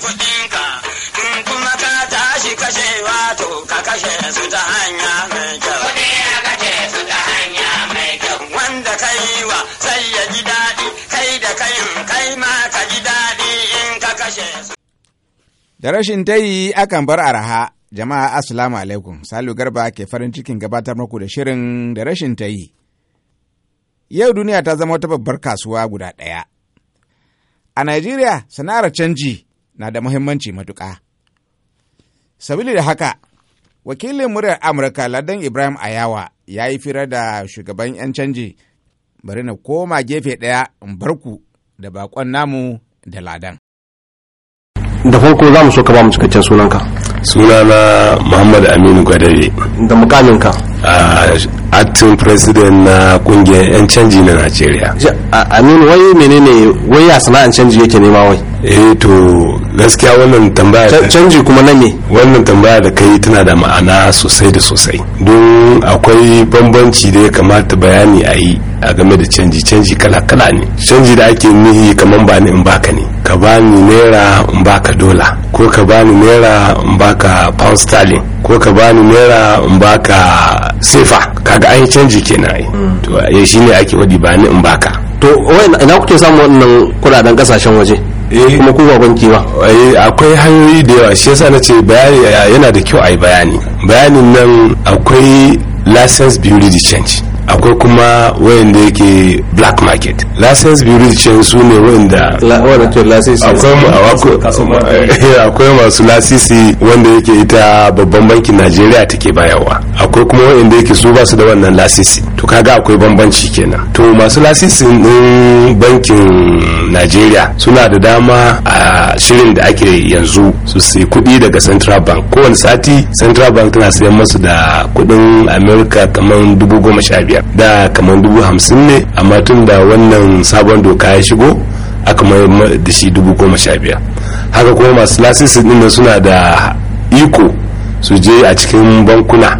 sami in kuma ka tashi kashe wato ka kashe su ta hanya mai kyau. Wanda ka yi wa sai ya ji daɗi kai da kayin kai ma ka ji daɗi in ka kashe su. Da rashin tayi akan bar araha. Jama'a Assalamu alaikum, Salu Garba ke farin cikin gabatar muku da shirin da rashin tayi. Yau duniya ta zama wata babbar kasuwa guda ɗaya. A Najeriya sana'ar canji na da muhimmanci matuƙa. Sabili da haka, wakilin muryar Amurka Ladan Ibrahim Ayawa ya yi fira da shugaban 'yan canji bari na koma gefe ɗaya in barku da bakon namu da Ladan. Da farko za mu so ka ba mu cikakken sunanka. sunana muhammad aminu gwadare da mukaminka acting president na kungiyar 'yan canji na nigeria aminu wai menene wai ya sana'an canji yake nema wai eh to gaskiya wannan tambaya canji kuma na ne wannan tambaya da kai tana da ma'ana sosai da sosai don akwai bambanci da ya kamata bayani a yi a game da canji canji kala kala ne canji da ake nihi kamar ba ni in baka ne ka bani naira in baka dola ko ka bani naira in ba. baka pound sterling ko ka bani naira in baka sefa kaga an yi canji kenan ai mm. to ya eh, shine ake wadi ba ni in baka to ina kuke samu wannan kudaden kasashen waje eh. kuma ku ba banki ba eh, akwai hanyoyi da yawa shi yasa nace bayani yana da kyau ai bayani bayanin nan akwai license de change akwai kuma wayanda yake black market license bureau ce su ne wayanda eh, akwai masu lasisi wanda yake ita babban bankin najeriya take bayawa. akwai kuma wayanda yake su ba su da wannan lasisi to kaga akwai bambanci kenan to masu lasisin din bankin najeriya suna da dama a shirin da ake yanzu su sai kuɗi daga central bank kowane sati central bank tana sayan masu da kuɗin america kamar dubu goma sha biyar da kamar dubu hamsin ne amma tun da wannan sabon doka ya shigo aka mai da shi dubu goma sha biyar haka kuma masu lasisin din suna da iko su je a cikin bankuna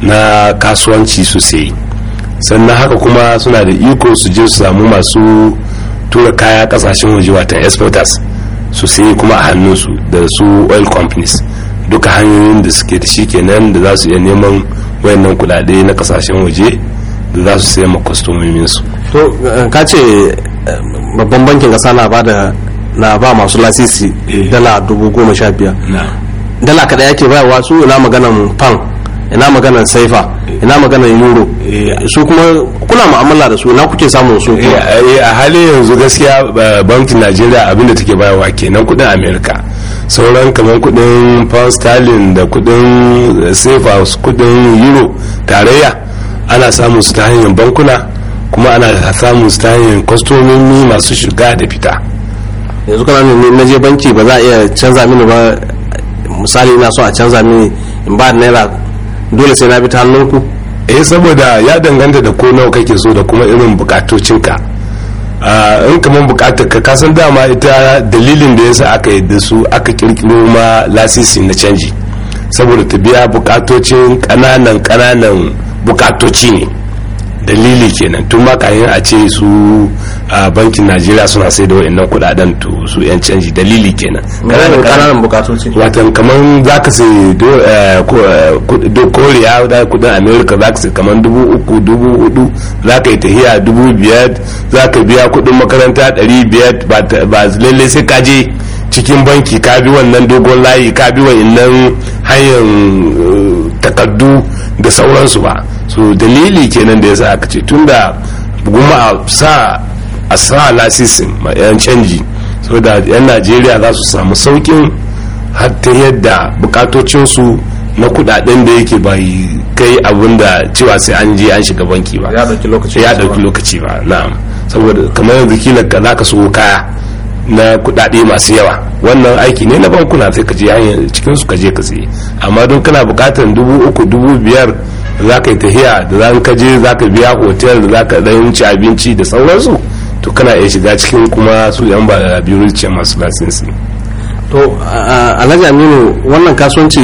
na kasuwanci su sai sannan haka kuma suna da iko su je su samu masu tura kaya kasashen waje watan exporters su sai kuma a hannunsu da su oil companies duka hanyoyin da suke da shi kenan da za su iya neman wayannan kudade na kasashen waje da za su sayar ma su. to eh, ka ce eh, babban bankin kasa na ba da na ba masu lasisi eh. dala dubu goma sha biyar dala kaɗai yake bayarwa su ina maganan pan ina maganan saifa ina magana euro eh, su kuma kuna mu'amala da su na kuke samun su eh, eh, a halin yanzu gaskiya bankin najeriya abinda take bayarwa kenan kudin america sauran kamar kudin pound sterling da kudin safe house kudin euro tarayya ana samun su ta hanyar bankuna kuma ana samun su ta hanyar kwastomomi masu shiga da fita yanzu kana na je banki ba za a iya canza mini ba misali ina so a canza mini in ba naira dole sai na bi ta hannunku eh saboda ya danganta da ko nawa kake so da kuma irin bukatocin bukatocinka in kamar bukatar ka kasan dama ita dalilin da yasa aka yadda su aka kirkiro ma lasisi na canji saboda ta biya bukatocin kananan kananan bukatoci ne dalili kenan tun ma kayan a ce su a bankin najeriya suna sai da wa'annan kudaden to su yan canji dalili kenan kananan bukatoci watan kamar za ka sai do eh, eh, koriya da kudin Amerika za ka sai kamar dubu uku dubu hudu za ka yi tahiya dubu biyar za ka biya kudin makaranta dari biyar ba lallai sai ka je cikin banki ka bi wannan dogon layi ka bi wa'annan hanyar eh, takaddu da sauransu ba so dalili kenan da ya sa aka ce tunda goma a sa a sa lasisin yan canji saboda yan najeriya za su samu saukin hatta yadda bukatocinsu na kudaden da yake bai kai abin cewa sai an je an shiga banki ba ya dauki lokaci ba na'am saboda kamar yanzu kila ka za ka so kaya na kudade masu yawa wannan aiki ne na bankuna sai ka je hanyar cikin su ka je ka tsaye amma don kana bukatar dubu uku dubu biyar za ka yi tahiya da za ka je za ka biya hotel da za ka dan ci abinci da sauransu to kana iya shiga cikin kuma su yan ba biyu masu lasinsi to alhaji aminu wannan kasuwanci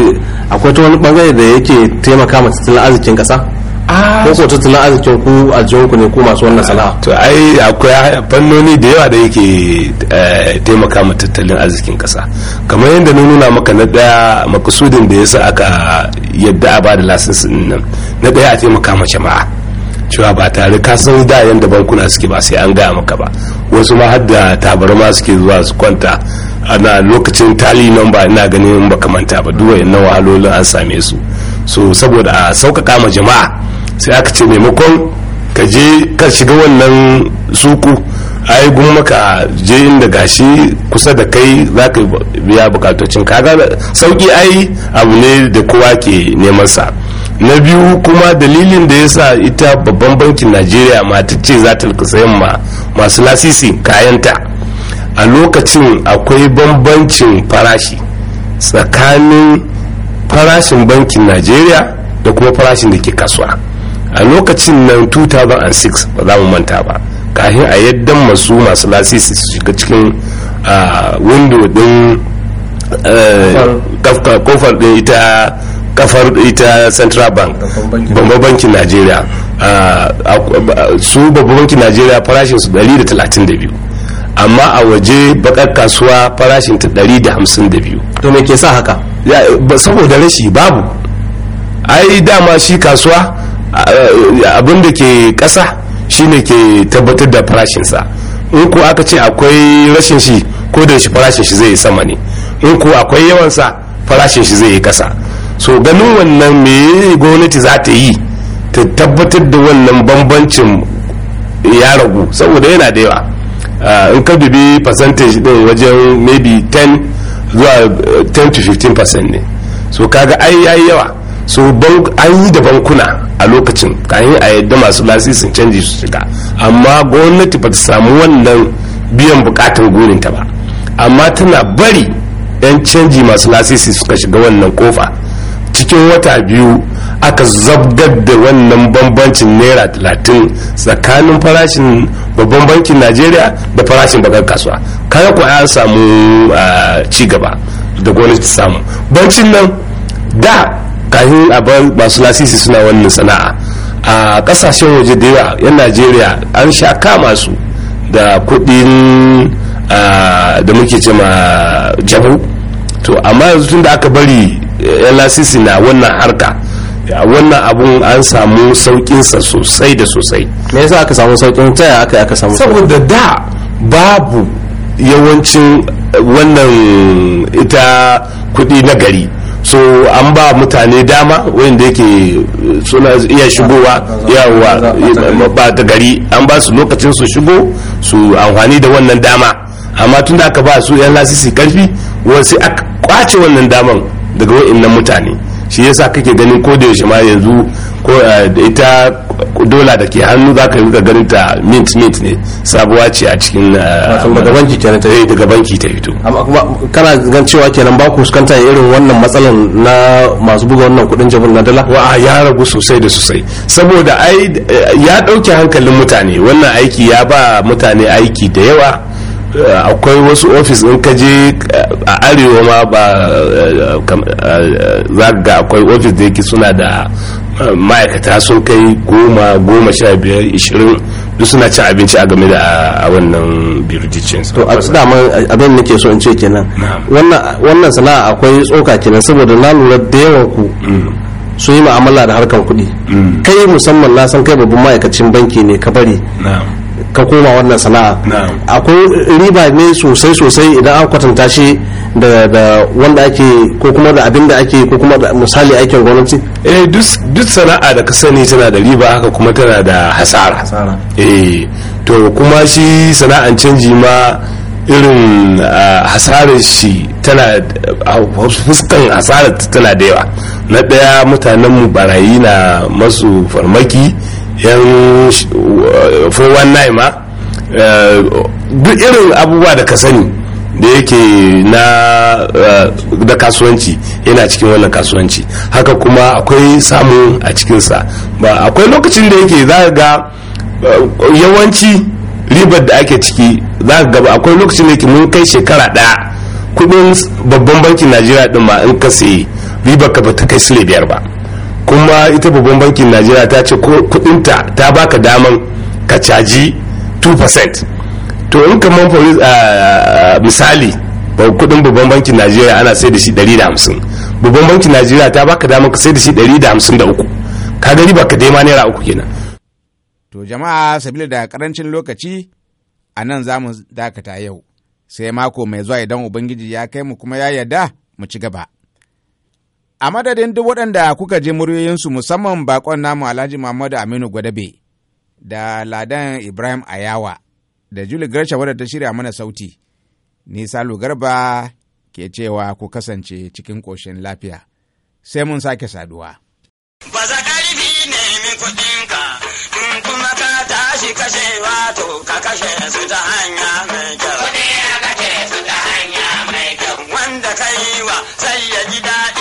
akwai ta wani bangare da yake taimaka ma tattalin arzikin kasa ko ko tattalin arzikin ku aljihun ku ne ku masu wannan sana'a to ai akwai fannoni da yawa da yake eh, taimaka ma tattalin arzikin kasa kamar yadda na nuna maka na daya makasudin da yasa aka yadda a bada lasinsin nan na daya a taimaka ma jama'a cewa ba tare ka san da yanda bankuna suke ba sai an gaya maka ba wasu ma har da tabarma suke zuwa su kwanta ana lokacin tali nan ba ina ganin ba kamanta ba duk wayannan wahalolin an same su so saboda a sauƙaƙa ma jama'a sai aka ce maimakon ka je ka shiga wannan suku yi gun maka je inda gashi kusa da kai za ka biya bukatocin kaga sauki yi abu ne da kowa ke neman sa na biyu kuma dalilin da ya sa ita babban bankin najeriya ma ta ce za ta sayan ma masu lasisi kayanta a lokacin akwai bambancin farashi tsakanin farashin bankin najeriya da kuma farashin da ke kasuwa a lokacin nan 2006 ba za mu manta ba kahin a yadda masu masu lasisi su shiga cikin window din eh, kofar din ita kafar ita central bank babban bankin najeriya su babban bankin najeriya farashin su 132 amma a waje bakar kasuwa farashin ta 152 to me ke sa haka saboda rashi babu ai dama shi kasuwa abin da ke shi shine ke tabbatar da farashinsa in ko aka ce akwai rashin shi ko da shi farashin shi zai yi sama ne in ko akwai yawansa farashin shi zai yi kasa so ganin wannan me gwamnati za ta yi ta tabbatar da wannan bambancin ya ragu saboda yana da yawa ah, in ka dubi percentage din wajen maybe 10 zuwa 10 eh, to 15 percent ne so kaga ai yayi yawa so an yi da bankuna a lokacin kayan a yadda masu lasisin canji su shiga amma gwamnati ba ta samu wannan biyan bukatan ta ba amma tana bari 'yan canji masu lasisi suka shiga wannan kofa cikin wata biyu aka zabgar da wannan bambancin naira talatin tsakanin farashin babban bankin najeriya da farashin bakar kasuwa kaya ko an samu ah, ci gaba da gwamnati samu bancin nan da kafin abin masu lasisi suna wannan sana'a a kasashen waje da yawa yan najeriya an sha kama su da kudin da muke ce ma jabu to amma yanzu tun da aka bari eh, yan lasisi na wannan harka wannan abun an samu saukinsa sosai da sosai me yasa aka samu saukin ta aka aka samu saboda da babu yawancin wannan ita kudi na gari so an ba mutane dama wanda yake suna iya shigowa yawa ba ta gari an ba su lokacin su shigo su amfani da wannan dama amma tun da aka ba su yan lasisi karfi wasu a kwace wannan daman daga wa'annan mutane shi yasa kake ganin ko da yaushe ma yanzu ko eh, da ita dola da ke hannu za ka rika ganin ta mint mint ne sabuwa ce a cikin eh, daga banki ta yi eh, daga banki ta fito kana gan cewa kenan ba ku fuskanta irin wannan matsalan na masu buga wannan kudin jabin na dala wa ah, ya ragu sosai da sosai saboda ai ya dauke hankalin mutane wannan aiki ya ba mutane aiki da yawa akwai wasu ofis in ka je a arewa ma ba za ga akwai ofis da yake suna da ma'aikata sun kai goma goma sha biyar ishirin duk suna cin abinci a game da a wannan birjicin to a dama abin nake so in ce kenan wannan sana'a akwai tsoka kenan saboda na lura da yawan ku mm. su yi ma'amala da harkar kuɗi mm. kai musamman na san kai babban ma'aikacin banki ne ka bari ka koma wannan sana'a akwai riba ne sosai sosai idan an kwatanta shi da wanda ake ko kuma da abin da ake ko kuma da misali aikin gwamnati eh duk sana'a da ka sani tana da riba haka kuma tana da hasara eh to kuma shi sana'an canji ma irin ah, hasarar shi tana fuskan hasarar tana da yawa na daya mutanen barayi na masu farmaki yan 419 ma eh, duk irin abubuwa da ka sani da yake na eh, da kasuwanci yana cikin wannan kasuwanci haka kuma akwai samu a cikinsa ba akwai lokacin da yake za ga eh, yawanci ribar da ake ciki za ga akwai lokacin da yake mun kai shekara ɗaya kudin babban bankin najeriya din ma in ka sayi ribar ka ba ta kai sule biyar ba kuma ita babban bankin najeriya ta ce kudinta ta baka daman ka caji 2% to in kamar ah, ah, misali kudin babban bankin najeriya ana sai da shi 150 babban bankin najeriya ta baka daman ka sai da shi 153 ka gari ba ka dai ma naira uku kenan to jama'a sabila da karancin lokaci a nan za mu dakata yau sai mako mai zuwa idan ubangiji ya kai mu kuma ya yarda mu ci gaba A madadin duk waɗanda kuka je muryoyinsu musamman bakon namu Alhaji Muhammadu Aminu Gwadabe da Ladan Ibrahim Ayawa da Juli Garsha wadda ta shirya mana sauti. Ni Salu Garba ke cewa ku kasance cikin ƙoshin lafiya. Sai mun sake saduwa. Baza ƙarfi ka tashi ka Wanda ka yi wa sai ya ji daɗi.